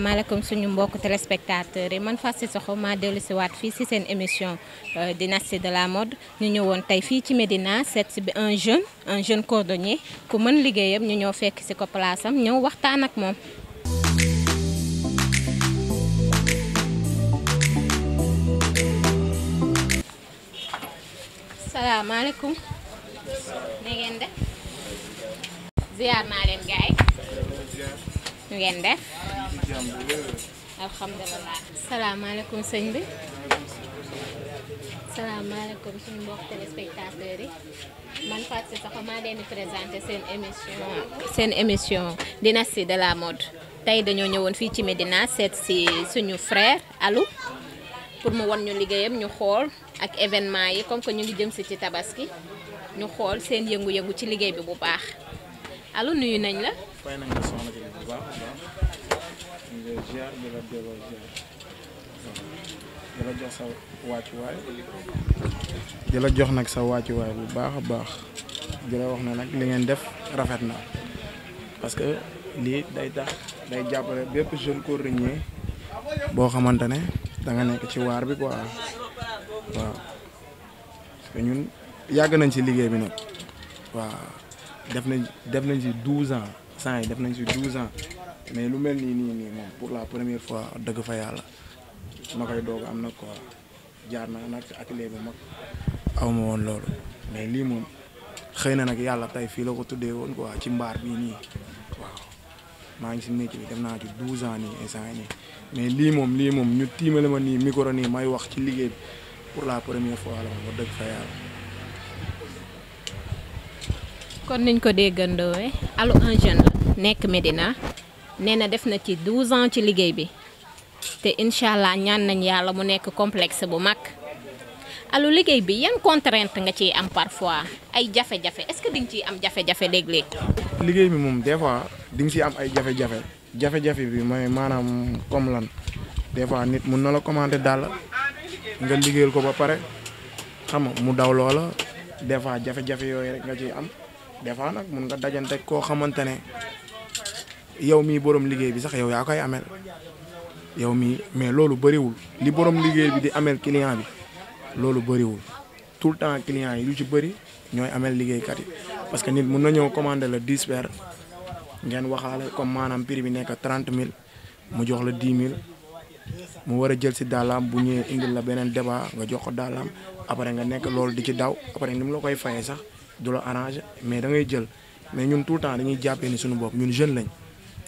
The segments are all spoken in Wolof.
asalaamaaleykum suñu mbokk téléspectateurs yi man Fatou Cissokho maa dellu si waat fii ci seen émission euh, dynastie de la mode ñu ñëwoon tey fii ci Médina set si bi un jeune un jeune cordonnier ku mën liggéeyam ñu ñoo fekk si ko place ñëw waxtaan ak moom. ñu ngeen def. alhamdulilah. salaamaaleykum sëñ bi. salaamaaleykum suñu mbokk téléspectateurs yi man Fatou Sakho maa leen di présenter seen émission seen émission dynastie de la mode tey dañoo ñëwoon fii ci medina seet si suñu frère Alou pour mu won ñu liggéeyam ñu xool ak événement yi comme que ñu ngi jëm si ci tabaski ñu xool seen yëngu-yëngu ci liggéey bi bu baax alo nuyu nañ la. baax a baax ñu ngi jox nag sa wàccuwaay bu baax a baax di la nag li ngeen def rafet na parce que lii day tax day jàppale bépp jeune coordinateur boo xamante ne da nekk ci waar bi quoi waaw parce que yàgg nañ ci liggéey bi nag waaw def nañ def nañ ci douze ans. sant yi def nañ si 12 ans mais lu mel nii nii nii moom pour la première fois dëgg fa yàlla ma koy doog am nag quoi jaar na nag ak léegi mag awma ma woon loolu mais lii moom xëy na nag yàlla tey fii la ko tuddee woon quoi ci mbaar bii nii waaw maa ngi si métier bi def naa ci 12 ans nii instant yi nii mais lii moom lii moom ñu tiimale ma nii microni may wax ci liggéey bi pour la première fois la moom wax dëgg fa yàlla. kon niñ ko déggandoowee Allô un jeune nekk Médina nee na def na ci 12 ans ci liggéey bi te incha allah ñaan nañ yàlla mu nekk complexe bu mag Allô liggéey bi yan contrainte nga ciy am parfois ay jafe-jafe est-ce que di nga ciy am jafe-jafe léeg-léeg. bi moom des fois di nga am ay jafe-jafe bi mooy maanaam comme lan des fois nit mun na la commandé daal nga liggéeyal ko ba pare xam nga mu daw loola des fois jafe-jafe yooyu rek nga ci am. des fois nag mun nga dajante koo xamante ne yow mii borom liggéey bi sax yow yaa koy amel yow mii mais loolu bëriwul li borom liggéey bi di ameel client bi loolu bëriwul tout le temps client yi lu ci bëri ñooy amel liggéeykat yi parce que nit mun na ñëw commander la dix paires ngeen waxaale comme maanaam prix bi nekk trente mille mu jox la dix mille mu war a jël si dàllaam bu ñuy indil la beneen débat nga jox ko dàllaam après nga nekk loolu di ci daw après ni mu la koy fayee sax. du la mais dangay jël mais ñun tout le temps dañuy jàppee ni suñu bopp ñun jeune lañ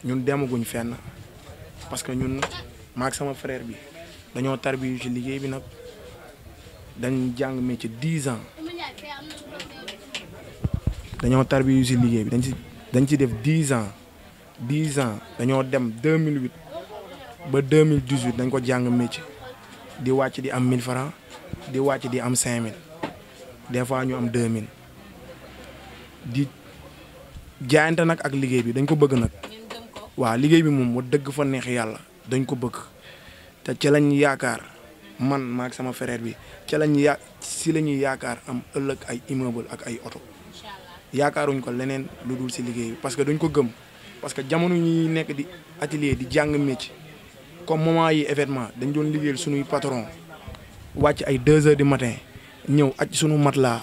ñun demaguñ fenn parce que ñun maak sama frère bi dañoo tarbiyu ci liggéey bi nag dañ jàng métier dix ans dañoo tarbiyu liggéey bi dañ ci dañ ci def dix ans dix ans dañoo dem mille 2008 ba mille 2018 dañ ko jàng métier di wàcc di am 1000 francs di wàcc di am 5000 des fois ñu am mille di jaayante nag ak liggéey bi dañ ko bëgg nag waaw liggéey bi moom wa dëgg fa neex yàlla dañ ko bëgg te ci lañ yaakaar man maak sama frère bi ci lañ ya si la ñuy yaakaar am ëllëg ay immeuble ak ay oto yaakaaruñ ko leneen lu dul si liggéey bi parce que dañ ko gëm parce que jamono ñuy nekk di atelier di jàng métier comme moment yi événement dañ doon liggéey suñuy patron wàcc ay deux heures di matin ñëw aj suñu matelas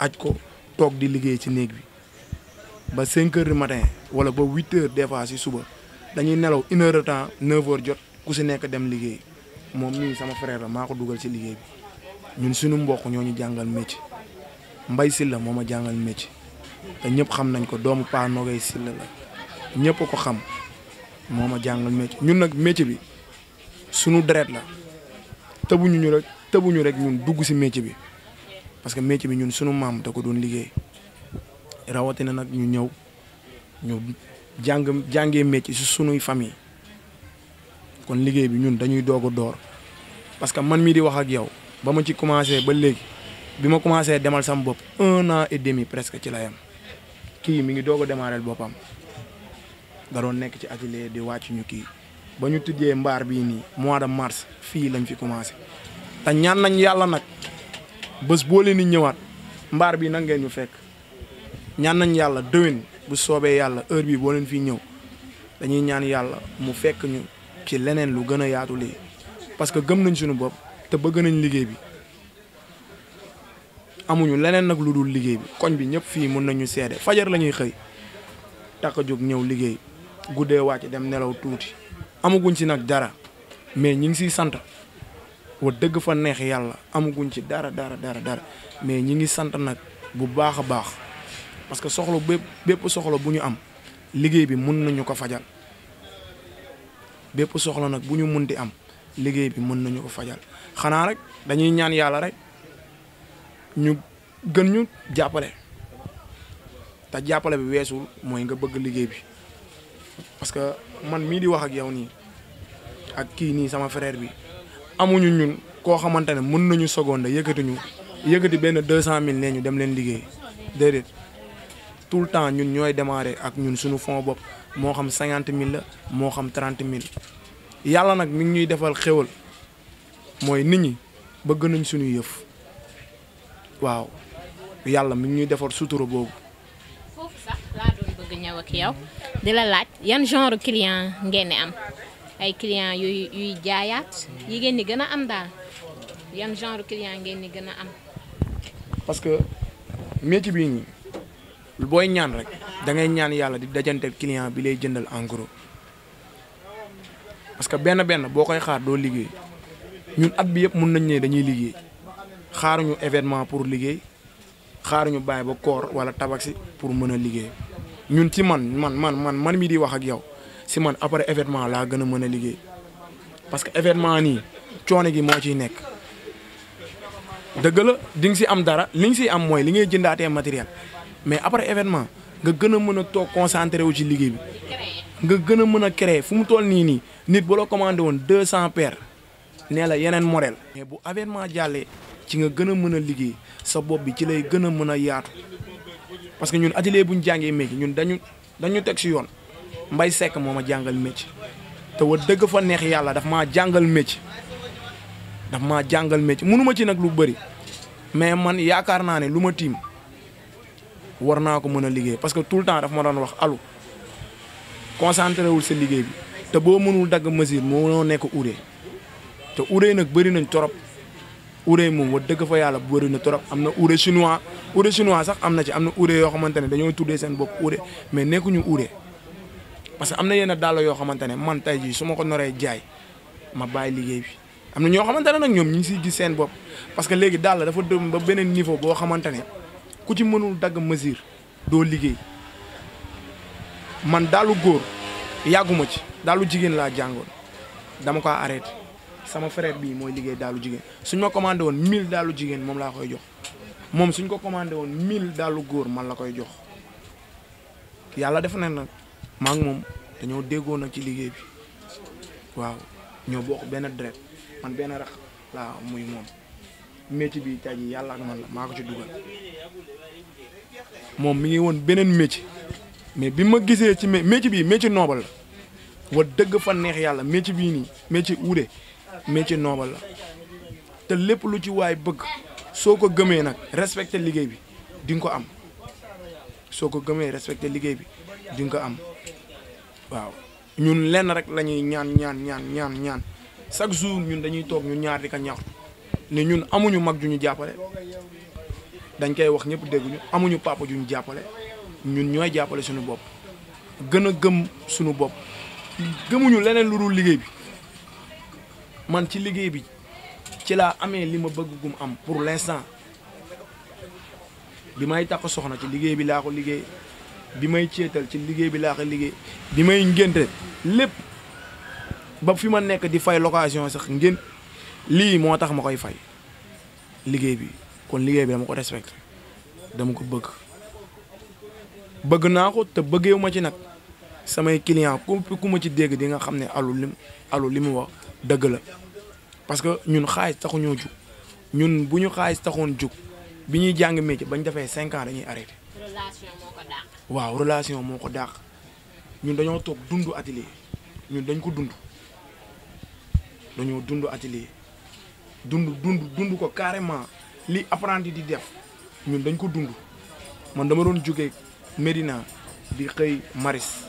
aj ko toog di liggéey ci néeg bi ba cinq heures du matin wala ba huit heures des fois si suba dañuy nelaw une heure jot ku si nekk dem liggéey moom ñu sama frère la maa ko dugal si liggéey bi ñun suñu mbokk ñoo ñu jàngal métier Mbaye Sylla moo ma jàngal métier ñëpp xam nañ ko doomu Paa Nogay Sylla la ñëpp ko xam moo ma jàngal métier ñun nag métier bi suñu deret la tëbuñu ñu rek tëbuñu rek ñun dugg si métier bi. parce que métier bi ñun sunu maam da ko doon liggéey rawatina nag ñu ñëw ñu jàng jàngee métier si sunuy famille kon liggéey bi ñun dañuy doog a door parce que man mii di wax ak yow ba ma ci commencé ba léegi bi ma commencé demal sama bopp un na et presque ci la yam kii mi ngi doog a boppam da doon nekk ci atelier di wàcc ñu kii ba ñu tijjee mbaar bii nii mois de mars fii lañ fi commencé te ñaan nañ yàlla nag. bës boo leen di ñëwaat mbaar bi nag ngeen ñu fekk ñaan nañ yàlla déwén bu soobee yàlla heure bi boo fi ñëw dañuy ñaan yàlla mu fekk ñu ci leneen lu gën a yaatu lii parce que gëm nañ suñu bopp te bëgg nañ liggéey bi amuñu leneen nag lu dul liggéey bi koñ bi ñëpp fii mun nañu seede fajar la ñuy xëy takk jóg ñëw liggéey guddee wàcc dem nelaw tuuti amaguñ si nag dara mais ñi ngi siy sant wa dëgg fa neex yàlla amaguñ ci dara dara dara dara mais ñi ngi sant nag bu baax a baax parce que soxla bépp soxla bu ñu am liggéey bi mun nañu ko fajal bépp soxla nag bu ñu mun di am liggéey bi mën nañu ko fajal xanaa rek dañuy ñaan yàlla rek ñu gën ñu jàppale te jàppale bi weesul mooy nga bëgg liggéey bi parce que man mii di wax ak yow nii ak kii nii sama frère bi amuñu ñun koo xamante ne mën nañu seconde yëkkatiñu yëkkati benn deux cent mille nee ñu dem leen liggéey déedéet tout le temps ñun ñooy démarrer ak ñun suñu fond bopp moo xam cinquante mille la moo xam trente mille yàlla nag mi ngi ñuy defal xéwal mooy nit ñi bëgg nañ suñu yëf waaw yàlla mi ngi ñuy defar sutura boobu. foofu sax laa di la laaj yan genre client ngeen ni am. ay client yuy yuy jaayaat yi ngeen ni gën a am daal yan genre client ngeen ni gën a am. parce que métier bii nii booy ñaan rek da ngay ñaan yàlla di dajante client bi lay jëndal en parce que benn benn boo koy xaar doo liggéey ñun at bi yëpp mun nañ ne dañuy liggéey xaaruñu événement pour liggéey xaaruñu bàyyi ba koor wala tabaski pour mën a liggéey ñun ci man man man man man mi di wax ak yow. si man après événement laa gën a mën a liggéey parce que événement nii coono gi moo ciy nekk dëgg la di nga si am dara li nga si am mooy li ngay jëndaatee matériel mais après événement nga gën a mën a toog concentré wu ci liggéey bi nga gën a mën a créer fu mu toll nii nii nit bu la commandé woon deux cent paires nee la yeneen modèle mais bu avénement jàllee ci nga gën a mën a liggéey sa bopp bi ci lay gën a mën a yaatu parce que ñun atelier bu ñu jàngee métier ñun dañu dañu teg si yoon mbay sekk moom ma jàngal métier te wa dëgg fa neex yàlla daf maa jàngal métier daf maa jàngal métier mënu ma ci nag lu bëri mais man yaakaar naa ne lu ma tiim war naa ko mën a liggéey parce que tout le temps dafa ma doon wax alu concentré wul sa liggéey bi te boo mënul dagg mesure moo noo nekk urée te urée nag bëri nañ torop urée moom wa dëgg fa yàlla bëri na torop am na urée chinois urée sax am na ci am na urée yoo xamante ne dañoo tuddee seen bopp urée mais ñu urée parce que am na yenn dàll yoo xamante ne man tey jii su ma ko noree jaay ma bàyyi liggéey bi am na ñoo xamante ne nag ñoom ñu ngi siy gis seen bopp parce que léegi dàll dafa dem ba beneen niveau boo xamante ne ku ci mënul dagg mesure doo liggéey man dàllu góor yàgguma ci dàllu jigéen laa jàngoon dama ko arrêté sama frère bii mooy liggéey dàllu jigéen suñ ma commandé woon 1000 dàllu jigéen moom laa koy jox moom suñ ko commandé woon 1000 dàllu góor man la koy jox yàlla def na nag. maa ngi moom dañoo déggoo nag ci liggéey bi waaw ñoo bokk benn dret man benn rax laa muy moom métier bi tey jii yàlla ak man la maa ko ci dugal moom mi ngi woon beneen métier mais bi ma gisee ci métier bii métier noobal la wa dëgg fa neex yàlla métier bii nii métier uude métier noobal la te lépp lu ci waay bëgg soo ko gëmee nag respecté liggéey bi di ko am soo ko gëmee respecté liggéey bi di nga ko am waaw ñun lenn rek lañuy ñaan ñaan ñaan ñaan ñaan chaque jour ñun dañuy toog ñun ñaar di ko ñaxtu ne ñun amuñu mag ju ñu jàppale dañ koy wax ñëpp dégguñu amuñu papa ju ñu jàppale ñun ñooy jàppale suñu bopp gën a gëm suñu bopp gëmuñu leneen lu dul liggéey bi man ci liggéey bi ci laa amee li ma bëgg gum am pour l'instant bi may takk soxna ci liggéey bi laa ko liggéey bi may ceetal ci liggéey bi laa ko liggéey bi may ngénte lépp ba fi ma nekk di fay location sax ngén lii moo tax ma koy fay liggéey bi kon liggéey bi dama ko respecté dama ko bëgg bëgg naa ko te bëggeewu ma ci nag samay client ku ku ma ci dégg di nga xam ne alu lim alu li mu wax dëgg la parce que ñun xaalis taxuñoo jug ñun bu ñu xaalis taxoon jug bi ñuy jàng métier bañ defee cinq ans dañuy arrêté. waaw relation moo ko dàq ñun dañoo toog dund atelier ñun dañ ko dund dañoo dund atelier dund dund dund ko carrément li apprenti di def ñun dañ ko dund man dama doon jógee Médina bi xëy Maris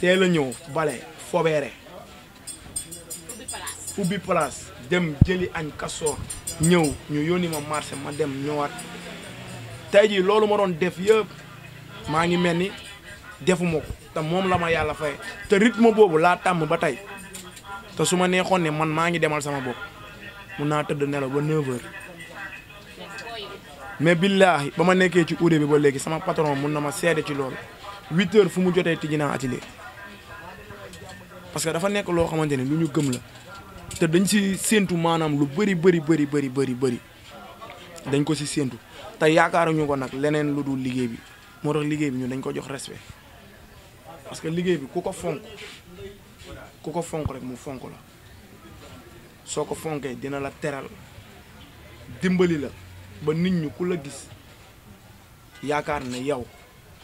teel a ñëw bale fobeere ubbi place dem jëli añ kasoor ñëw ñu yónni ma marché ma dem ñëwaat tey jii loolu ma doon def yëpp maa ngi mel ni defuma ko te moom la ma yàlla fay te rythme boobu laa tàmm ba tey te su ma neexoon ne man maa ngi demal sama bopp mun naa tëdd nelaw ba 9 heures mais billaahi ba ma nekkee ci urée bi ba léegi sama patron mun na ma seede ci loolu 8 heures fu mu jotee tijji naa atelier parce que dafa nekk loo xamante ni lu ñu gëm la. te dañ si séentu maanaam lu bëri bëri bëri bëri bëri bëri dañ ko si séentu te yaakaar yaakaaruñu ko nag leneen lu dul liggéey bi moo tax liggéey bi ñu dañ ko jox respect parce que liggéey bi ku ko fonk ku ko fonk rek mu fonk la soo ko fonkee dina la teral dimbali la ba nit ñu ku la gis yaakaar na yow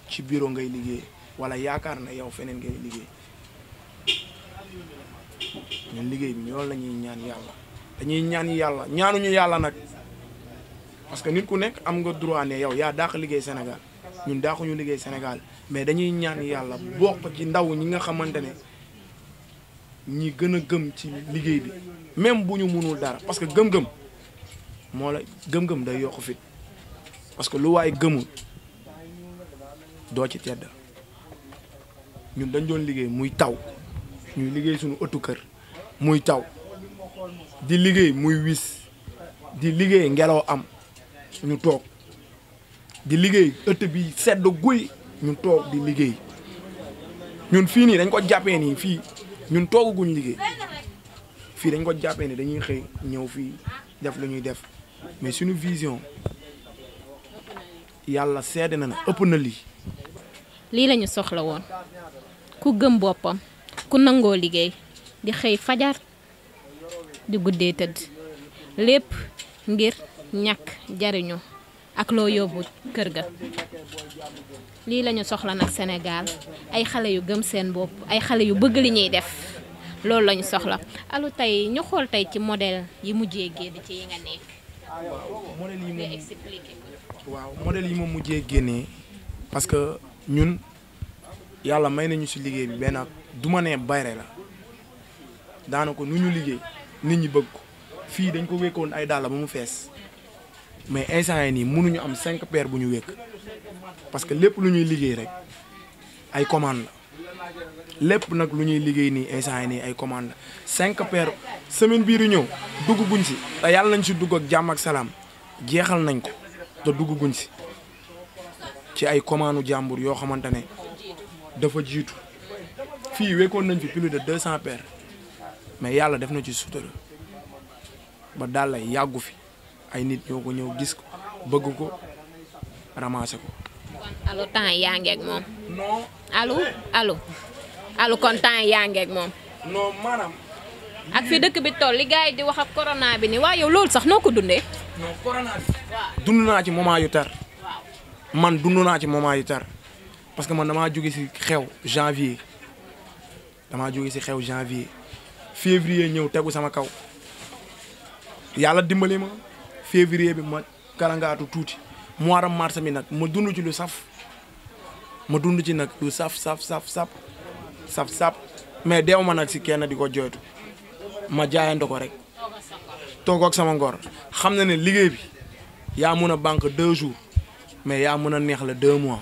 ci bureau ngay liggéey wala yaakaar na yow feneen ngay liggéey ñun liggéey bi loolu la ñuy ñaan yàlla dañuy ñaan yàlla ñaanuñu yàlla nag parce que nit ku nekk am nga droit ne yow yaa dàq liggéey senegal ñun daaxuñu liggéey senegal mais dañuy ñaan yàlla bokk ci ndaw ñi nga xamante ne ñi gën a gëm ci liggéey bi même bu ñu mënul dara parce que gëm-gëm moo gëm-gëm day yokk fit parce que lu waay gëmul doo ci tedd ñun dañ doon liggéey muy taw ñuy liggéey suñu ëttu kër muy taw di liggéey muy wis di liggéey ngelaw am ñu toog di liggéey ëtt bi sedd guy ñu toog di liggéey ñun fii nii dañ ko jàppee nii fii ñun toogaguñ liggéey fii dañ ko jàppee ni dañuy xëy ñëw fii def lu ñuy def mais suñu vision yàlla sedd na na ëpp na lii. lii lañu soxla woon ku gëm boppam. ku nangoo liggéey di xëy fajar di guddee tëdd lépp ngir ñakk jariñu ak loo yóbbu kër ga lii lañu soxla nag Sénégal ay xale yu gëm seen bopp ay xale yu bëgg li ñuy def loolu lañu soxla alu tey ñu xool ci modèle yi mujjee génn ci yi nga nekk waaw yi moom mujjee génnee parce que ñun yàlla may nañu ci liggéey bi benn du ma nee bayre la daanako nu ñu liggéey nit ñi bëgg ko fii dañ ko wékkoon ay dàll ba mu fees mais instant yi nii mënuñu am cinq paires bu ñu wékk parce que lépp lu ñuy liggéey rek ay commande la lépp nag lu ñuy liggéey nii instant yi nii ay commande la cinq paires semaine bii di ñëw dugg guñ si te yàlla nañ si dugg ak jàmm ak salaam jeexal nañ ko te dugg guñ si ci ay commande jàmbur yoo xamante ne dafa jiitu fii wékkoon nañ fi plus de deux cent paires mais yàlla def na ci sutura ba daal lay yàggu fi ay nit ñoo ko ñëw gis ko bëgg ko ramassé ko. kon allo temps yaa ngi ak moom. kon temps yaa ngi ak moom. non maanaam. fi dëkk bi toll li gars yi di wax ak corona bi ni waaw yow loolu sax noo ko dundee. dund naa ci moment yu tar. man dund naa ci moment yu tar parce que man damaa jóge si xew janvier. damaa jóge si xew janvier février ñëw tegu sama kaw yàlla dimbali ma février bi ma karangaatu tuuti mois de mars mi nag ma dund ci lu saf ma dund ci nag lu saf saf saf saf saf saf mais deew ma nag si kenn di ko joytu ma jaayante ko rek toog ak sama ngor xam na ne liggéey bi yaa mun a banque deux jours mais yaa mun a neex la deux mois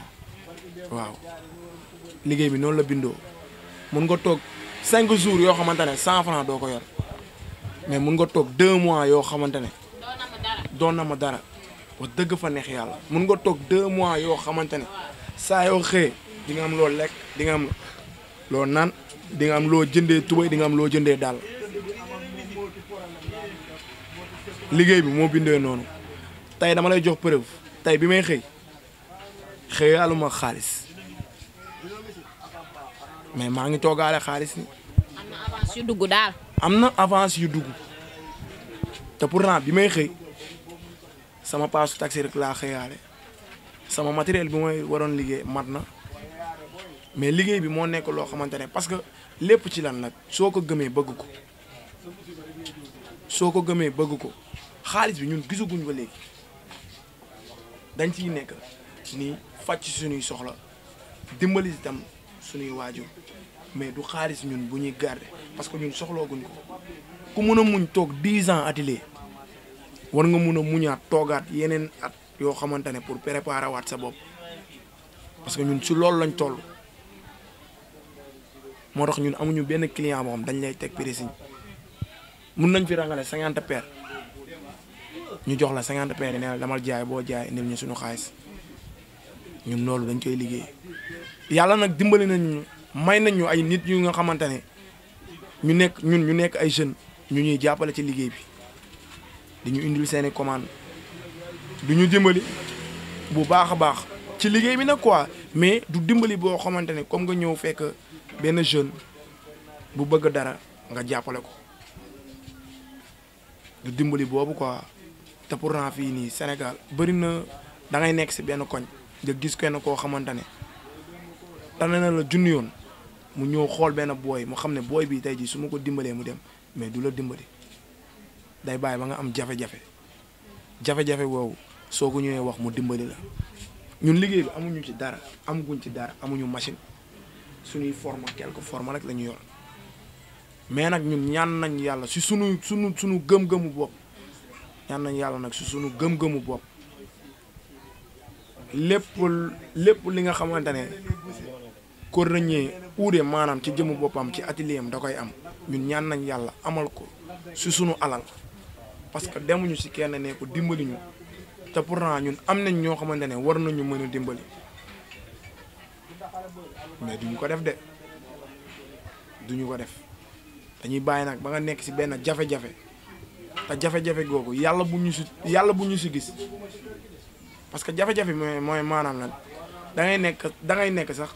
waaw liggéey bi noonu la bindoo mun nga toog cinq jours yoo xamante ne cent franc doo ko yor mais mun nga toog deux mois yoo xamante ne doon na ma dara dëgg fa neex yàlla mun nga toog deux mois yoo xamante ne saa yoo xëyee di nga am loo lekk di nga am loo naan dinga am loo jëndee tubéy di nga am loo jëndee daal liggéey bi moo bindee noonu tey dama lay jox preuve tey bi may xëy xëyaaluma xaalis mais maa ngi toogaale xaalis ni am na avance yu dugg daal. am na avance yu dugg te pourtant bi may xëy sama paasu taxi rek laa xëyaale sama matériel bi mooy waroon liggéey mat na mais liggéey bi moo nekk loo xamante ne parce que lépp ci lan nag soo ko gëmee bëgg ko soo ko gëmee bëgg ko xaalis bi ñun gisaguñ ko léegi dañ ciy nekk nii fàcc suñuy soxla dimbali itam. suñuy waajur mais du xaalis ñun bu ñuy garder parce que ñun soxlooguñ ko ku mun a muñ toog dix ans atelier war nga mun a muñaat toogaat yeneen at yoo xamante ne pour préparer waat sa bopp parce que ñun si loolu lañ toll moo tax ñun amuñu benn client boo xam dañ lay teg pressing mun nañ fi rangale cinquante paires ñu jox la cinquante per yi ne damal jaay boo jaay indil ñu suñu xaalis. ñun loolu dañ koy liggéey yàlla nag dimbali nañu may nañu ay nit yu nga xamante ne ñu nekk ñun ñu nekk ay jeunes ñu ñuy jàppale ci liggéey bi dañu indil seeni commande du ñu dimbali bu baax a baax ci liggéey bi nag quoi mais du dimbali boo xamante ne comme nga ñëw fekk benn jeune bu bëgg dara nga jàppale ko dimbali boobu quoi te pourtant fii nii Sénégal bëri na da nekk si benn koñ nga gis kenn koo xamante ne tane na la junni yoon mu ñëw xool benn booy mu xam ne booy bi tey jii su ma ko dimbalee mu dem mais du la dimbali day bàyyi ba nga am jafe-jafe jafe-jafe woowu soo ko ñëwee wax mu dimbali la ñun liggéey bi amuñu ci dara amuguñ ci dara amuñu machine suñuy forme quelque forme rek lañu yoon mais nag ñun ñaan nañ yàlla si sunu sunu sunu gëm-gëmu bopp ñaan nañ yàlla nag si sunu gëm-gëmu bopp lépp lépp li nga xamante ne ko rëññee uude maanaam ci jëmu boppam ci atelier am da koy am ñun ñaan nañ yàlla amal ko su sunu alal parce que demuñu si kenn ne ko dimbali ñu te pourtant ñun am nañ ñoo xamante ne war nañu mën a dimbali mais duñu ko def de duñu ko def dañuy bàyyi nag ba nga nekk si benn jafe-jafe te jafe-jafe googu yàlla bu ñu si yàlla bu ñu si gis parce que jafe-jafe mooy mooy maanaam lan da nekk da nekk sax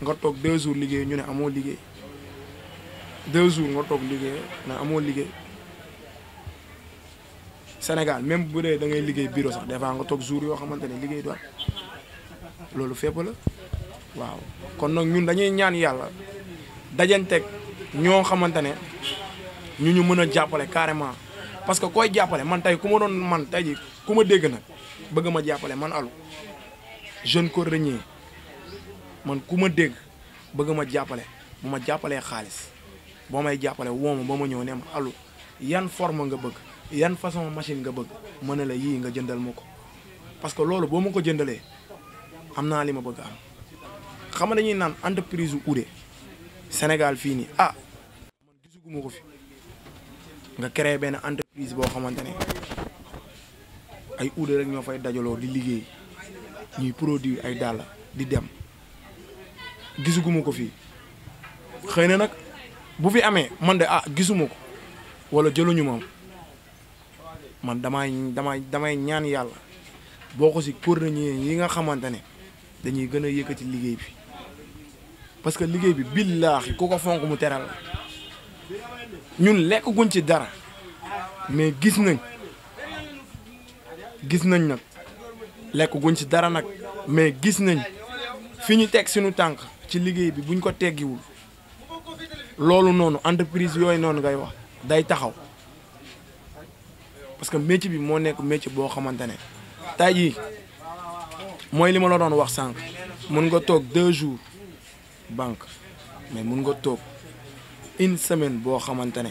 nga toog deux jours liggéey ñu ne amoo liggéey deux jours nga toog liggéey ne amoo liggéey Sénégal même bu dee da ngay liggéey bureau sax des fois nga toog jour yoo xamante ne liggéey du am loolu fépp waaw kon nag ñun dañuy ñaan yàlla dajanteeg ñoo xamante ne ñu ñu mën a jàppale carrément parce que koy jàppale man tey ku ma doon man tey ku ma dégg nag. bëgg ma jàppale man alu jeune ko rëñee man ku ma dégg bëgg ma jàppale bu ma jàppalee xaalis boo may jàppale woo ma ba ma ñëw ne ma alu yan forme nga bëgg yan façon machine nga bëgg mën na la yii nga jëndal ma ko parce que loolu boo ma ko jëndalee am naa li ma bëgg am xam nga dañuy naan entreprise u Oudé Sénégal fii nii ah man gisuguma ko fi nga créé benn entreprise boo xamante ne ay uude rek ñoo fay dajaloo di liggéey ñuy produire ay dàll di dem gisuguma ko fii xëy na nag bu fi amee man de ah gisuma ko walla jëluñu moom man damay damay damay ñaan yàlla boo ko si coordonné yi nga xamante ne dañuy gën a yëkkati liggéey bi parce que liggéey bi billaahi ku ko fonk mu teral la ñun lekk guñ ci dara mais gis nañ gis nañ nag lekk guñ ci dara nag mais gis nañ fi ñu teg suñu tànk ci liggéey bi buñ ko teggiwul loolu noonu entreprise yooyu noonu ngay wax day taxaw parce que métier bi moo nekk métier boo xamante ne tey jii mooy li ma la doon wax sànq mun nga toog deux jours banque mais mun nga toog une semaine boo xamante ne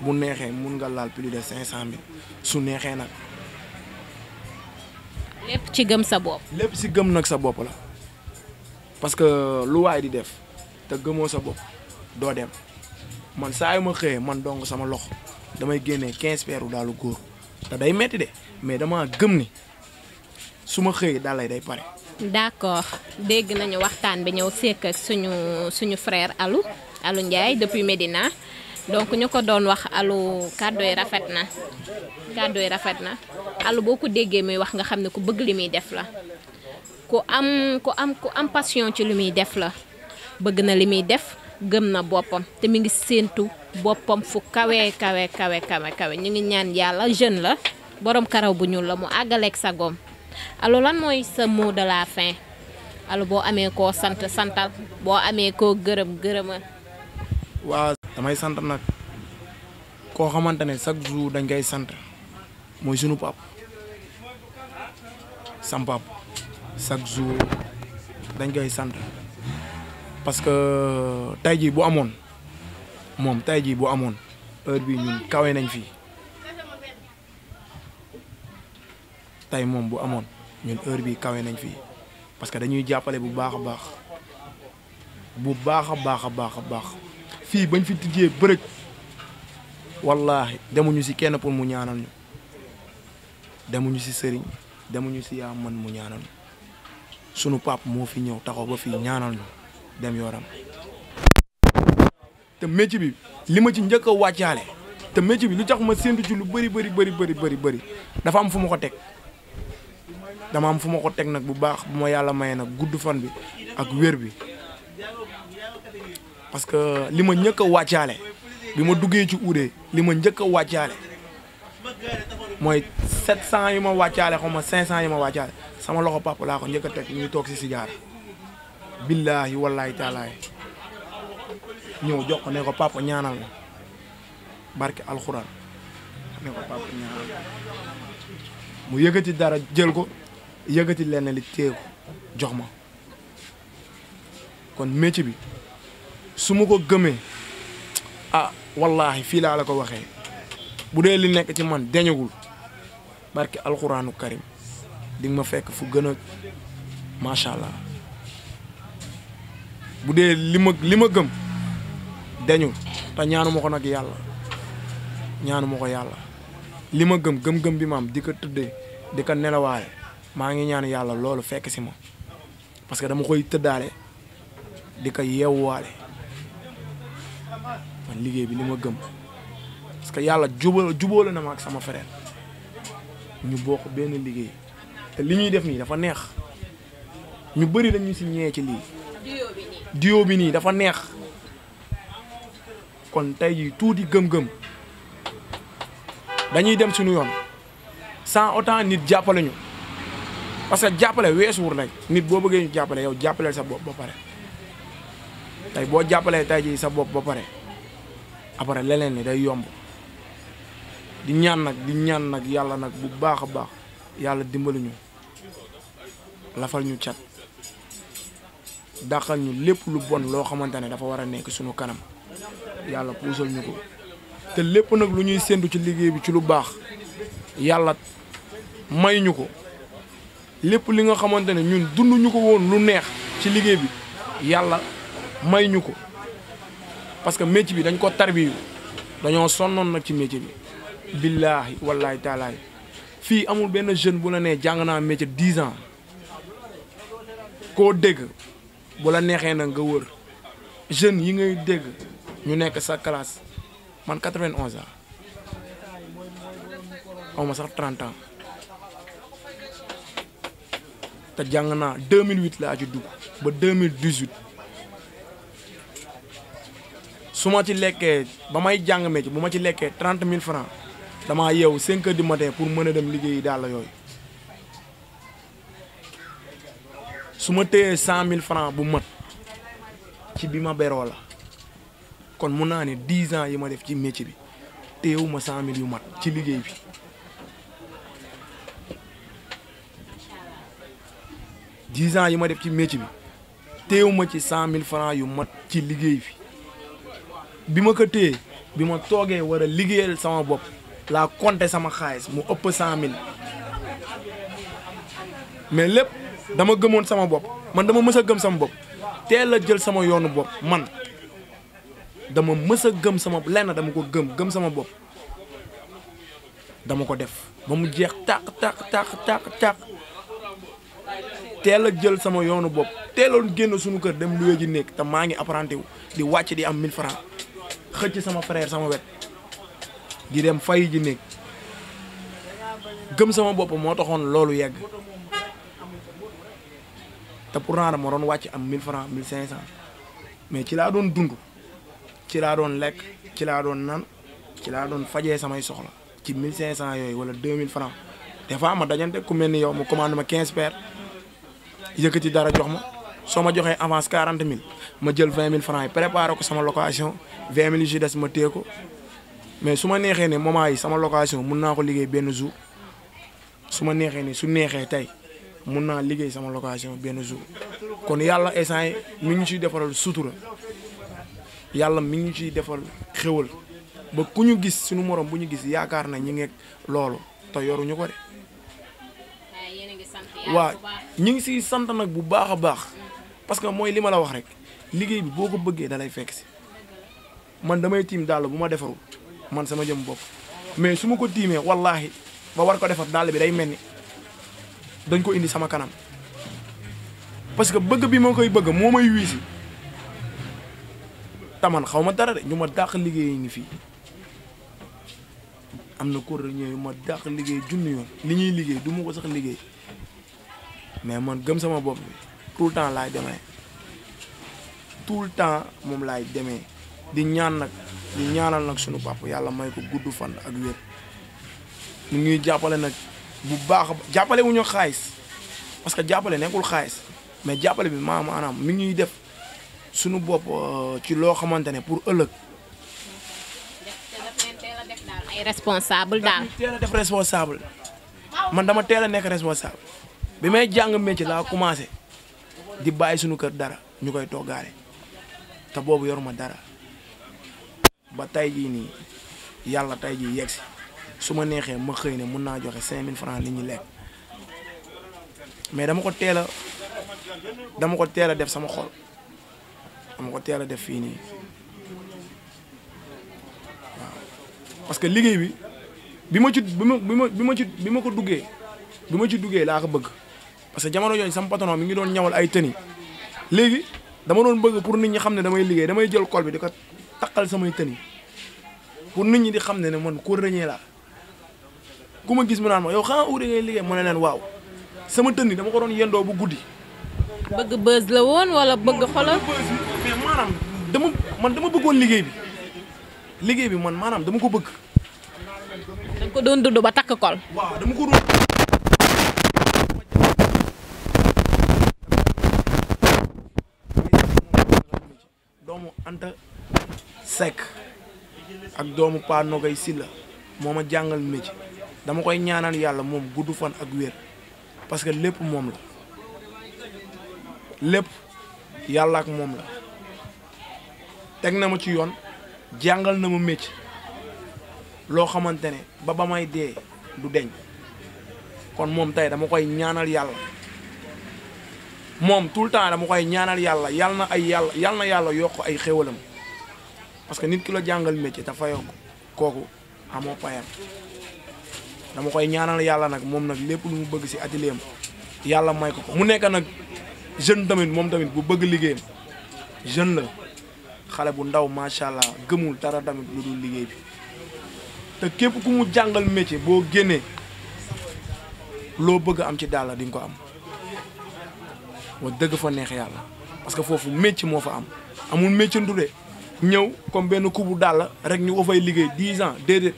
bu neexee mun nga laal plus de cinq cent mille su neexee nag lépp ci gëm sa bopp. lépp si gëm nag sa bopp la parce que lu waay di def te gëmoo sa bopp doo dem man saa yu ma xëyee man dong sama loxo damay génne quinze paires daalu góor te day metti de mais dama gëm ni su ma xëyee daal day pare. d'accord dégg nañu waxtaan bi ñëw sekk suñu suñu frère Alou Alou Ndiaye depuis Médina. donc ñu ko doon wax aloo kàddu yi rafet na kàddu yi rafet na alu boo ko déggee muy wax nga xam ne ku bëgg li muy def la ku am ku am ku am passion ci li muy def la bëgg na li muy def gëm na boppam te mu ngi séentu boppam fu kawe kawe kawe kawe kawe ñu ngi ñaan yàlla jeune la borom karaw bu ñuul la mu àggaleek sa goom alu lan mooy sa mot de la fin alu boo amee koo sant santal boo amee koo gërëm gërëma waa damay sant nag koo xamante ne chaque jour dañ koy sant mooy sunu pap sam pap chaque jour dañ koy sant parce que tey jii bu amoon moom tey jii bu amoon heure bi ñun kawe nañ fi tey moom bu amoon ñun heure bi kawe nañ fi parce que dañuy jàppale bu baax a baax bu baax baax a baax a baax fii bañ fi tijjee bërëj wallaahi demuñu si kenn pour mu ñaanal ñu demuñu si sëriñ demuñu si yaa man mu ñaanal ñu sunu pap moo fi ñëw taxaw ba fii ñaanal ñu dem yoram te métier bi li ma ci njëkk wàccaale te métier bi lu tax ma séntu ci lu bari bëri bëri bëri bëri dafa am fu ma ko teg dama am fu ma ko teg nag bu baax bu ma yàlla maye nag gudd fan bi ak wér bi parce que li ma njëkk a wàccaale bi ma duggee ci uude li ma njëkk a wàccaale mooy 700 yu ma wàccaale xaw ma 500 yu ma wàccaale sama loxo papa laa ko njëkk a teg ñu toog si sijaara billaahi wallaahi taalaay ñëw jox ko ne ko papa ñaanal ma alxuraan mu yëkkati dara jël ko yëkkati lenn li téye jox ma kon métier bi. su ma ko gëmee ah wallaahi fii laa la ko waxee bu dee li nekk ci man deñagul barki alxuraanu karim di ma fekk fu gën a macha allah bu dee li ma li ma gëm dañu te ñaanu ma ko nag yàlla ñaan ma ko yàlla li ma gëm gëm-gëm bi ma am di ko tëddee di ko nelawaaye maa ngi ñaan yàlla loolu fekk si ma parce que dama koy tëddaale di ko yeewuwaale liggéey bi li ma gëm parce que yàlla jubóo jubóole na ma ak sama frère ñu bokk benn liggéey te li ñuy def nii dafa neex ñu bëri dañu si ñee ci lii. duo bi nii dafa neex kon tey jii tuuti gëm-gëm dañuy dem suñu yoon sans autant nit jàppale ñu parce que jàppale weesuwur nañ nit boo bëggee ñu jàppale yow jàppaleel sa bopp ba pare tey boo jàppalee tey jii sa bopp ba pare. après leneen ni day yomb di ñaan nag di ñaan nag yàlla nag bu baax a baax yàlla dimbali ñu lafal ñu cat dàqal ñu lépp lu bon loo xamante ne dafa war a nekk suñu kanam yàlla puusal ñu ko te lépp nag lu ñuy séntu ci liggéey bi ci lu baax yàlla may ñu ko lépp li nga xamante ne ñun dund ñu ko woon lu neex ci liggéey bi yàlla may ñu ko parce que métier bi dañ ko tarbiyu dañoo sonnoon nag ci métier bi billaahi wallaahi taalaay fii amul benn jeune bu la nee jàng naa métier dix ans koo dégg bu la neexee nag nga wër jeunes yi ngay dégg ñu nekk sa classe man quatre-vingt-onze ans aw ma sax trente ans te jàng naa 2008 laa ci dugg ba 2018. su ma ci lekkee ba may jàng métier bu ma ci lekkee trente mille francs damaa yeewu cinq heures du matin pour mën a dem liggéey daal la yooyu su ma téyee cent mille francs bu mat ci bi ma beroo la kon mun naa ne dix ans yi ma def ci métier bi téyewu ma cent mille yu mat ci liggéey bi dix ans yi ma def ci métier bi téyewu ma ci cent mille francs yu mat ci liggéey bi bi ma ko téye bi ma toogee war a liggéeyal sama bopp laa compté sama xaalis mu ëpp cent mille mais lépp dama gëmoon sama bopp man dama mës a gëm sama bopp teel a jël sama yoonu bopp man dama mës a gëm sama lenn dama ko gëm gëm sama bopp dama ko def ba mu jeex tàq tàq tàq tàq tàq teel a jël sama yoonu bopp teeloon génn sunu kër dem lu ji nekk te maa ngi apprenti wu di wàcc di am 1000 francs xëcc sama frère sama wet di dem fay ji néeg gëm sama bopp moo taxoon loolu yegg te pourtant dama doon wàcc am mille francs 1500 mais ci laa doon dund ci laa doon lekk ci laa doon nan ci laa doon fajee samay soxla ci cent yooyu wala 2000 francs des fois ma dajante ku mel ni yow ma commande ma 15 paires yëkkati dara jox ma. soo ma joxee avance quarante mille ma jël vingt mille franc yi préparé ko sama location vingt mille yi ma téye ko mais su ma neexee ne moment yi sama location mun naa ko liggéey benn jour su ma neexee ne su neexee tey mun naa liggéey sama location benn jour kon yàlla instant mu mi ngi ciy defaral sutura yàlla mi ngi ciy defal xéwal ba ku ñu gis suñu morom bu ñu gis yaakaar na ñi ngeeg loolu te yoruñu ko de. Eh, waaw ñi ngi siy sant nag bu baax a baax. parce que mooy li ma la wax rek liggéey bi boo ko bëggee da lay fekk si man damay tiim dàll bu ma defaru man sama jëm bopp mais su ma ko tiimee wallaahi ba war ko defar dàll bi day mel ni dañ ko indi sama kanam parce que bëgg bi moo koy bëgg moo may wiisi taman xaw ma dara de ñu ma dàq liggéey ngi fii am na kuréel ñu ma dàq liggéey junni yoon li ñuy liggéey du ma ko sax liggéey mais man gëm sama bopp tout le temps laay demee tout le temps moom laay demee di ñaan nag di ñaanal nag sunu papa yàlla may ko gudd fan ak wér ñu ngi jàppale nag bu baax a jàppale wu ñu xaalis parce que jàppale nekkul xaalis mais jàppale bi maa maanaam mi ngi ñuy def sunu bopp euh, ci loo xamante ne pour ëllëg. ay responsable daal man dama teel nekk responsable bi may jàng métier laa commencé. di bàyyi suñu kër dara ñu koy toggaale te boobu yoruma dara ba tey jii nii yàlla tey jii si su ma neexee ma xëy ne mun naa joxe cinq mille francs li ñu lekk mais dama ko teel a dama ko teel a def sama xol dama ko teel a def fii nii waaw parce que liggéey bi bi ma ci bi ma bi ma bi ma ci bi ma ko duggee bi ma ci duggee laa ko bëgg. parce que jamono yooyu sama patron doon ñawal ay tëni léegi dama doon bëgg pour nit ñi xam ne damay liggéey damay jël col bi di ko takkal samay tëni pour nit ñi di xam ne ne man ku rëñee laa ku ma gis mu naan ma yow xanaa uure ngay liggéey mu ne leen waaw sama tëni dama ko doon yendoo bu guddi. bëgg bës la woon wala bëgg xoolal. mais man dama bëggoon liggéey bi liggéey bi man maanaam dama ko bëgg. da ko doon dund ba takk kol. waaw doomu Anta Seck ak doomu Pa Nogay Silla moo ma jàngal métier dama koy ñaanal yàlla moom gudd fan ak wér parce que lépp moom la lépp yàlla ak moom la teg na ma ci yoon jàngal na ma métier loo xamante ne ba ba may dee du deñ kon moom tey dama koy ñaanal yàlla moom tout le temps dama koy ñaanal yàlla yàlla na ay yàlla yàlla na yàlla yokk ay xéwalam parce que nit ki la jàngal métier te fayoo kooku amoo payam koy ñaanal yàlla nag moom nag lépp lu mu bëgg si atelier am yàlla may ko ko mu nekk nag jeune tamit moom tamit bu bëgg liggéeyam jeune la xale bu ndaw macha allah gëmul dara tamit lu dul liggéey bi te képp ku mu jàngal métier boo génnee loo bëgg am ci dàll di nga ko am. wax dëgg fa neex yàlla parce que foofu métier moo fa am amul métier ndu de ñëw comme benn kubu daal rek ñu ko fay liggéey dix ans déedéet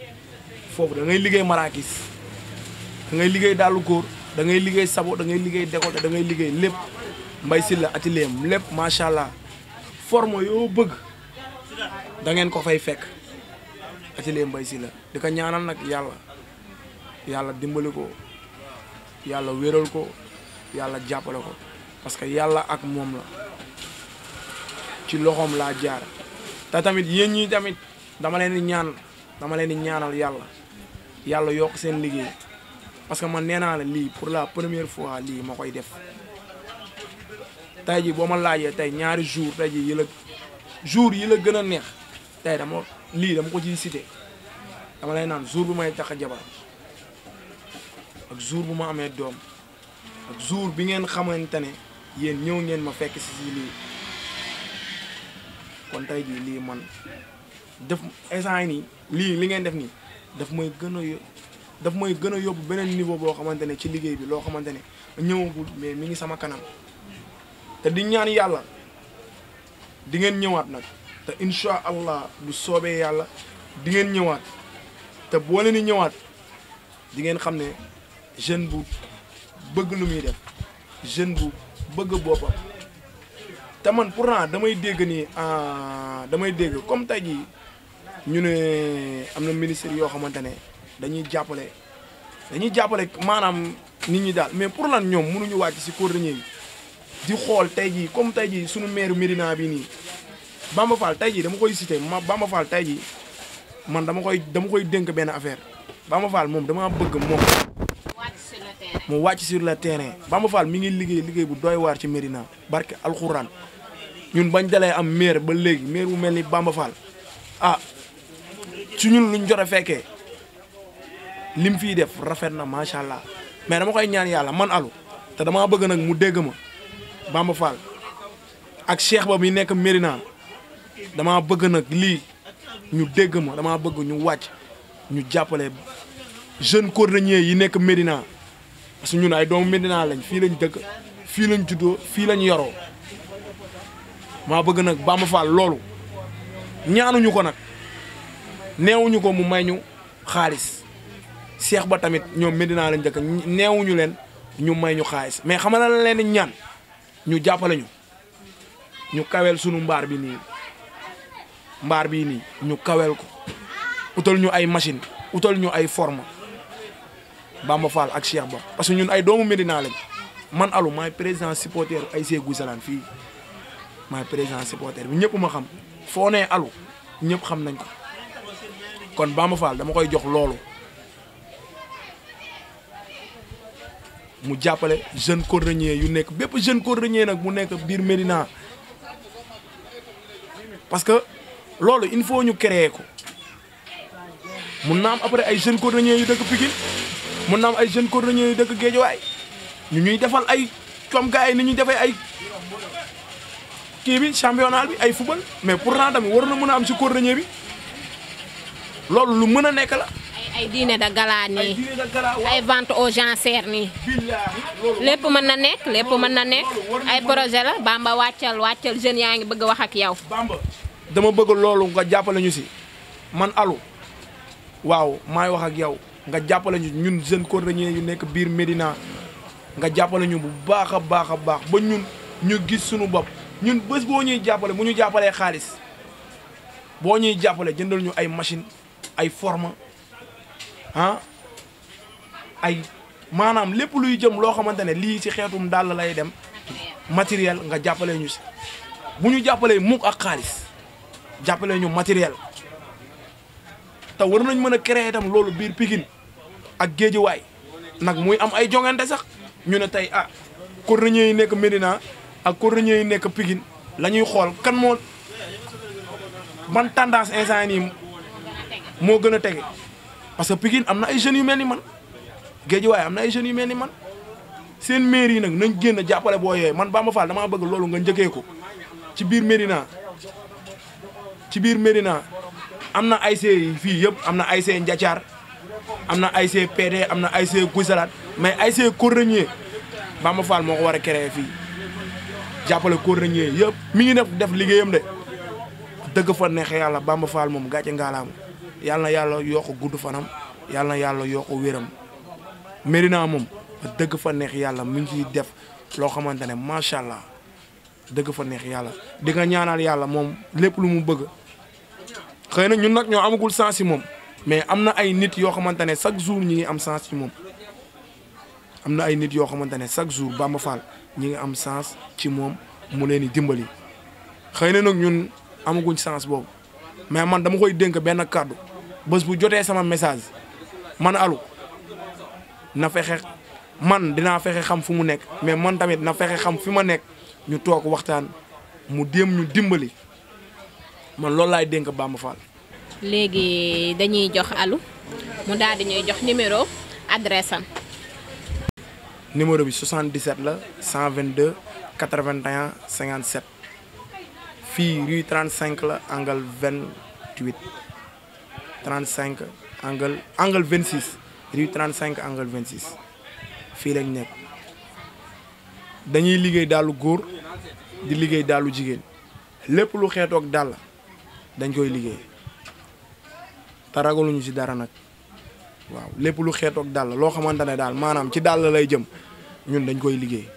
foofu da ngay liggéey marakis da ngay liggéey daalu góor da ngay liggéey sabo da ngay liggéey décolleté da liggéey lépp mbay si la atelier am lépp macha allah forme yoo bëgg da ngeen ko fay fekk atelier mbay si la di ko ñaanal nag yàlla yàlla dimbali ko yàlla wéral ko yàlla jàppale ko parce que yàlla ak moom la ci loxoom laa jaar te tamit yéen ñi tamit dama leen di ñaan dama leen di ñaanal yàlla yàlla yokk seen liggéey parce que man nee naa la lii pour la première fois lii ma koy def tey ji boo ma laajee tey ñaari jour tey ji yi la gën a neex tey dama lii dama ko naan jour bu may takk jabar ak jour bu ma amee doom ak jour bi ngeen xamante ne yéen ñëw ngeen ma fekk si lii kon tey jii lii man def instant yi nii lii li ngeen def nii daf may gën a may gën a yóbbu beneen niveau boo xamante ne ci liggéey bi loo xamante ne ñëwagul mais mu ngi sama kanam te di ñaan yàlla di ngeen ñëwaat nag te incha allah du soobee yàlla di ngeen ñëwaat te boo leen ñëwaat di ngeen xam ne jeune bu bëgg lu muy def jeune bu. bëgg boppam te man pourtant damay dégg ni ah, damay dégg comme tey jii ñu ne am na ministère yoo xamante ne dañuy jàppale dañuy jàppale maanaam nit ñi daal mais pour nan ñoom mënuñu wàcc si cordonnier yi di xool tey jii comme tey jii suñu maire Médina bi nii Bamba Fall tey jii dama koy cité ma Bamba Fall tey jii man dama koy dama koy dénk benn affaire Bamba Fall moom dama bëgg moom mu wàcc sur le terrain Bamba Fall mi ngi liggéey liggéey bu doy waar ci Médina barke alxuraan ñun bañ dalee am maire ba léegi maire bu mel ni Bamba Fall ah su ñun luñ jot a fekkee lim fii def rafet na macha allah mais dama koy ñaan yàlla man alu te damaa bëgg nag mu dégg ma Bamba ak Cheikh ba mi nekk Médina damaa bëgg nag lii ñu dégg ma damaa bëgg ñu wàcc ñu jàppale jeune cordonnier yi nekk Médina parce que ñun ay doomu lañ fii lañ jëkk fii lañ juddoo fii lañ yoroo maa bëgg nag Bamba Fall loolu ñaanuñu ko nag neewuñu ko mu may ñu xaalis seex ba tamit ñoom Medina lañ dëkk neewuñu leen ñu may ñu xaalis mais xamal la leen ñaan ñu jàppale ñu ñu kawel sunu mbaar bi nii mbaar bi nii ñu kaweel ko utal ñu ay machine utal ñu ay forme Bamba Fall ak Cheikh Ba parce que ñun ay doomu Medina lañ man alu maay président supporter ay see Guissalane fii maay président supporter bi ñëpp ma xam foo nee alu ñëpp xam nañ ko kon Bamba Fall dama koy jox loolu mu jàppale jeune cordonnier yu nekk bépp jeune cordonnier nag mu nekk biir Medina parce que loolu il faut ñu créer ko mun na am après ay jeune cordonnier yu dëkk Pikine mun na am ay jeunes cordonniers yu dëkk géejuwaay ñu ñuy defal ay comme gars yi ni ñuy defee ay kii bi championnat bi ay football mais pourtant tamit war na mën a am si cordonnier bi loolu lu mën a nekk la. ay dîner de gala nii ay vente aux enchères nii lépp mën na nekk lépp mën na nekk ay projet la Bamba wàccal wàccal jeunes yaa ngi bëgg wax ak yow. Bamba dama bëgg loolu nga jàppale ñu si man alu waaw maay wax ak yow. nga jàppale ñu ñun jeune cordonnier yu nekk biir Médina nga jàppale ñu bu baax a baax a baax ba ñun ñu gis suñu bopp ñun bés boo ñuy jàppale bu ñu jàppalee xaalis boo ñuy jàppale jëndal ñu ay machine ay forme ah ay maanaam lépp luy jëm loo xamante ne lii si xeetum dàll lay dem matériel nga jàppale ñu si bu ñu jàppalee mukk ak xaalis jàppale ñu matériel te war nañ mën a créer itam loolu biir Pikine ak Géejawaay nag muy am ay jongante sax ñu ne tey ah cornier yi nekk Médina ak cornier yi nekk pikin la ñuy xool kan moo ban tendance instant yi moo gën a tege parce que Pikine am na ay jeunes yu mel ni man waay am na ay jeunes yu mel ni man seen mairie yi nag nañ génn jàppale boo yooyu man Bamba Fall dama bëgg loolu nga njëkkee ko ci biir Médina ci biir Médina am na ASC yi fii yëpp am na ASC Ndiathiar am na ASC PD am na ASC Guy Salaat mais ASC Cordonnier Bamba Fall moo ko war a créer fii jàppale Cordonnier yëpp mi ngi def def liggéeyam de dëgg fa neexee yàlla Bamba Fall moom gàcce ngaalaam yàlla na yàlla yokk gudd fanam yàlla na yàlla yokk wéram Médina moom dëgg fa neex yàlla mu ngi ciy def loo xamante ne macha allah dëgg fa neex yàlla di nga ñaanal yàlla moom lépp lu mu bëgg. xëy na ñun nag ñoo amagul sens si moom mais am na ay nit yoo xamante ne chaque jour ñi ngi am sens ci moom am na ay nit yoo xamante ne chaque jour Bamba Fall ñi ngi am sens ci moom mu leen di dimbali xëy na nag ñun amaguñ sens boobu mais man dama koy dénk benn kàddu bés bu jotee sama message man alu na fexe man dinaa fexe xam fu mu nekk mais man tamit na fexe xam fi ma nekk ñu toog waxtaan mu dem ñu dimbali man loolu laay dénk Bamba léegi dañuy jox alu mu daal di ñuy jox numéro adresse am. numéro bi 77 la 122 81 57 fii rue 35 la angle 28 35 angle angle 26 rue 35 angle 26 fii lañ nekk dañuy liggéey daalu góor di liggéey daalu jigéen lépp lu xeetoog dàll dañ koy liggéey. te ragaluñu si dara nag waaw lépp lu xeetook dàll loo xamante ne daal maanaam ci dàll lay jëm ñun dañ koy liggéey.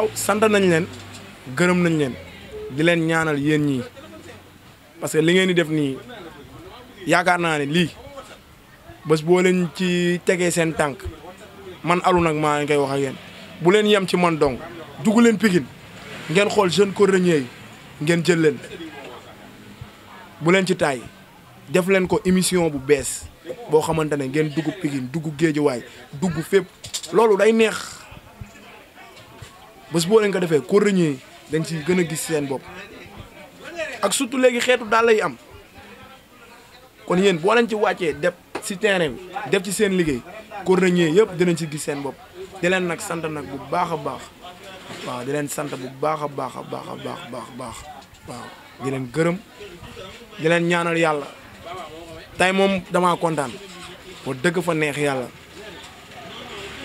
waaw sant nañ leen gërëm nañ leen di leen ñaanal yéen ñi parce que li ngeen di def nii yaakaar naa ne lii bés boo leen ci tegee seen tànk man alu nag maa ngi koy wax ak yéen bu leen yem ci man dong dugg leen Pikine ngeen xool jeune cordonnier yi ngeen jël leen. bu leen ci taay def leen ko émission bu bees boo xamante ne ngeen dugg Pikine dugg Géejawaay dugg fépp loolu day neex bés boo leen ko defee ko rëñee dañ ci gën a gis seen bopp ak surtout léegi xeetu daal lay am kon yéen boo leen ci wàccee def si terrain bi def ci seen liggéey ko rëñee yëpp dinañ ci gis seen bopp di leen nag sant nag bu baax a baax waaw di leen sant bu baax a baax a baax a baax baax baax waaw di gërëm di ñaanal yàlla tey moom dama kontaan moo dëgg fa neex yàlla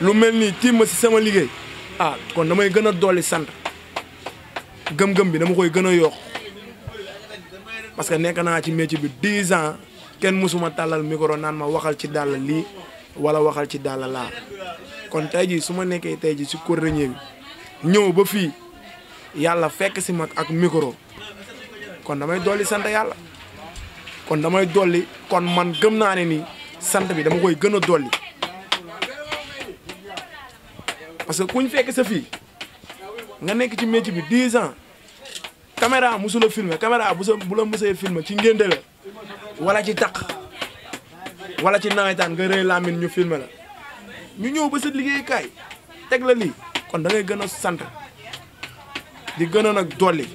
lu mel nii tiim ma si sama liggéey ah kon damay gën a dolli sant gëm-gëm bi dama koy gën a yokk parce que nekk naa ci métier bi dix ans kenn mësuma tàllal micro naan ma waxal ci dàll lii wala waxal ci dàll laa kon tey jii su ma nekkee tey ji si Cordonnier bi ñëw ba fii yàlla fekk si mag ak micro kon damay dolli sant yàlla kon damay dolli kon man gëm naa ne ni sant bi dama koy gën a dolli parce que kuñ fekk sa fi nga nekk ci métier bi 10 ans caméra musu la filmer caméra bu sa bu la musee filmer ci ngénte la wala ci taq walla ci nawetaan nga rëy làmmiñ ñu filmer la ñu ñëw ba sa liggéeykaay teg la lii kon da ngay gën a sant di gën a nag dolli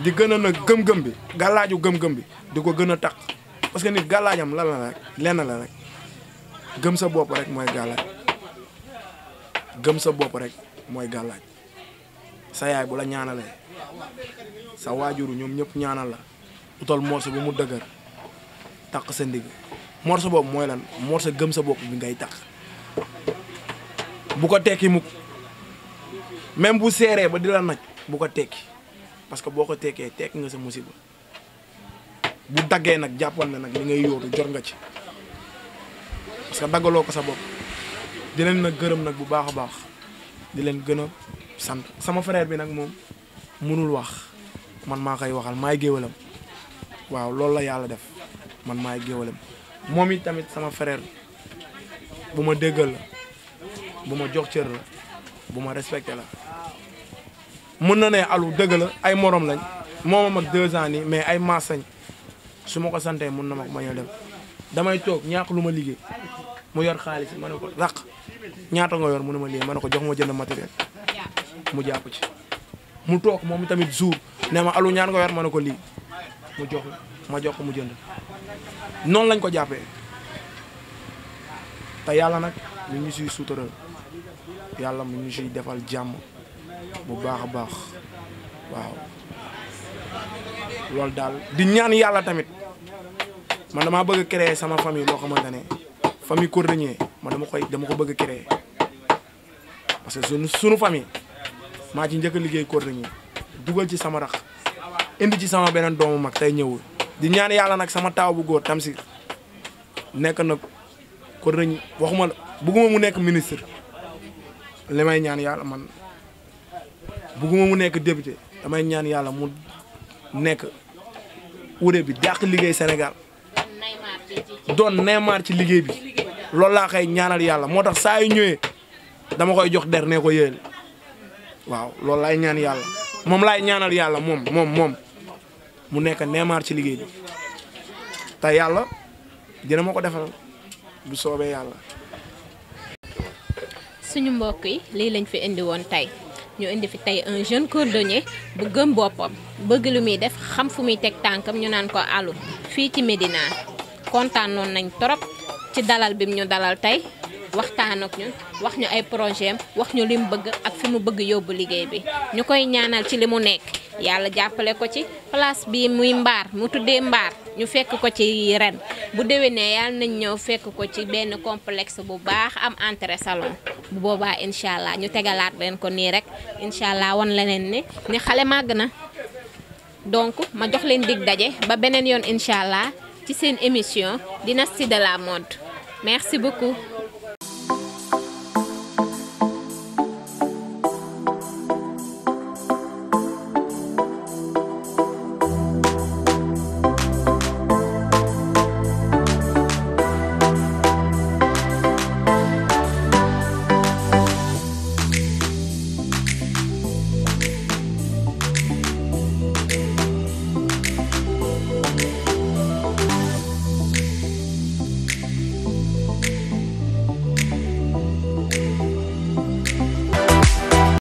di gëna a nag gëm-gëm bi gàllaaju gëm-gëm bi di ko gën a tax parce nit gàllaajam lan la rek lenn la rek gëm sa bopp rek mooy gàllaaj gëm sa bopp rek mooy gàllaaj sa yaay bu la ñaanalee sa waajuru ñoom ñëpp ñaanal la utal morso bu mu dëgër takk sa ndigg morso boobu mooy lan morso gëm sa bopp bi ngay takk bu ko tekki mukk même bu seeree ba di la naj bu ko tekki parce que boo ko tekkee tekk nga sa musiba bu daggee nag jàppal na nag li ngay yóotu jot nga ci parce que daggaloo ko sa bopp di leen nag gërëm nag bu baax a baax di leen gën a sant sama frère bi nag moom mënul wax man maa koy waxal maay géwalam waaw loolu la yàlla def man maay géwalam moom it tamit sama frère bu ma déggal la bu ma jox cër la bu ma respecté la mën na ne alu dëgg la ay morom lañ moomam ak deux ans nii mais ay maas lañ su ma ko santee mun na ma ko ma damay toog ñàkk lu ma liggéey mu yor xaalis ma ne ko raq ñaata nga yor mu ne ma liggéey ma ne ko jox ma jënd matériel mu jàpp ci mu toog moom tamit jour ne ma alu ñaan nga yor ma ne ko lii mu jox ma jox ko mu jënd noonu lañ ko jàppee te yàlla nag ñu ngi siy suutural yàlla mu ñu siy defal jàmm bu baax a baax waaw loolu daal di ñaan yàlla tamit man damaa bëgg a créer sama famille loo xamante ne famille cordonnier man dama koy dama ko bëgg a créer parce que sunu sunu famille maa ci njëkk a liggéey cordonnier dugal ci sama rax indi ci sama beneen doomu mag tey ñëwul di ñaan yàlla nag sama taaw bu góor Tamsir nekk nag cordonnier waxuma la bëgguma mu nekk ministre li ñaan yàlla man bugguma mu nekk député damay ñaan yàlla mu nekk urée bi dàq liggéey senegal doon Neymar ci liggéey bi loolu laa koy ñaanal yàlla moo tax saa yu dama koy jox der ko yéel waaw loolu laay ñaan yàlla moom laay ñaanal yàlla moom moom mu nekk Neymar ci liggéey bi te yàlla dina ma ko defal bu soobee yàlla. suñu mbokk yi lii lañ fi indi woon tey. ñu indi fi tey un jeune cordonnier bu gëm boppam bëgg lu muy def xam fu muy teg tànkam ñu naan ko Alou fii ci Médina kontaanoon nañ trop ci dalal bi ñu dalal tey waxtaan ak ñun wax ñu ay projet wax ñu li mu bëgg ak fi mu bëgg yóbbu liggéey bi ñu koy ñaanal ci li mu nekk yàlla jàppale ko ci place bi muy mbaar mu tuddee mbaar ñu fekk ko ci ren bu dewee ne yàlla nañ ñëw fekk ko ci benn complexe bu baax am entrée salon boobaa incha allah ñu tegalaat leen ko nii rek incha allah wan leneen ni ni xale màgg na donc ma jox leen dig daje ba beneen yoon incha allah ci seen émission dynastie de la mode merci beaucoup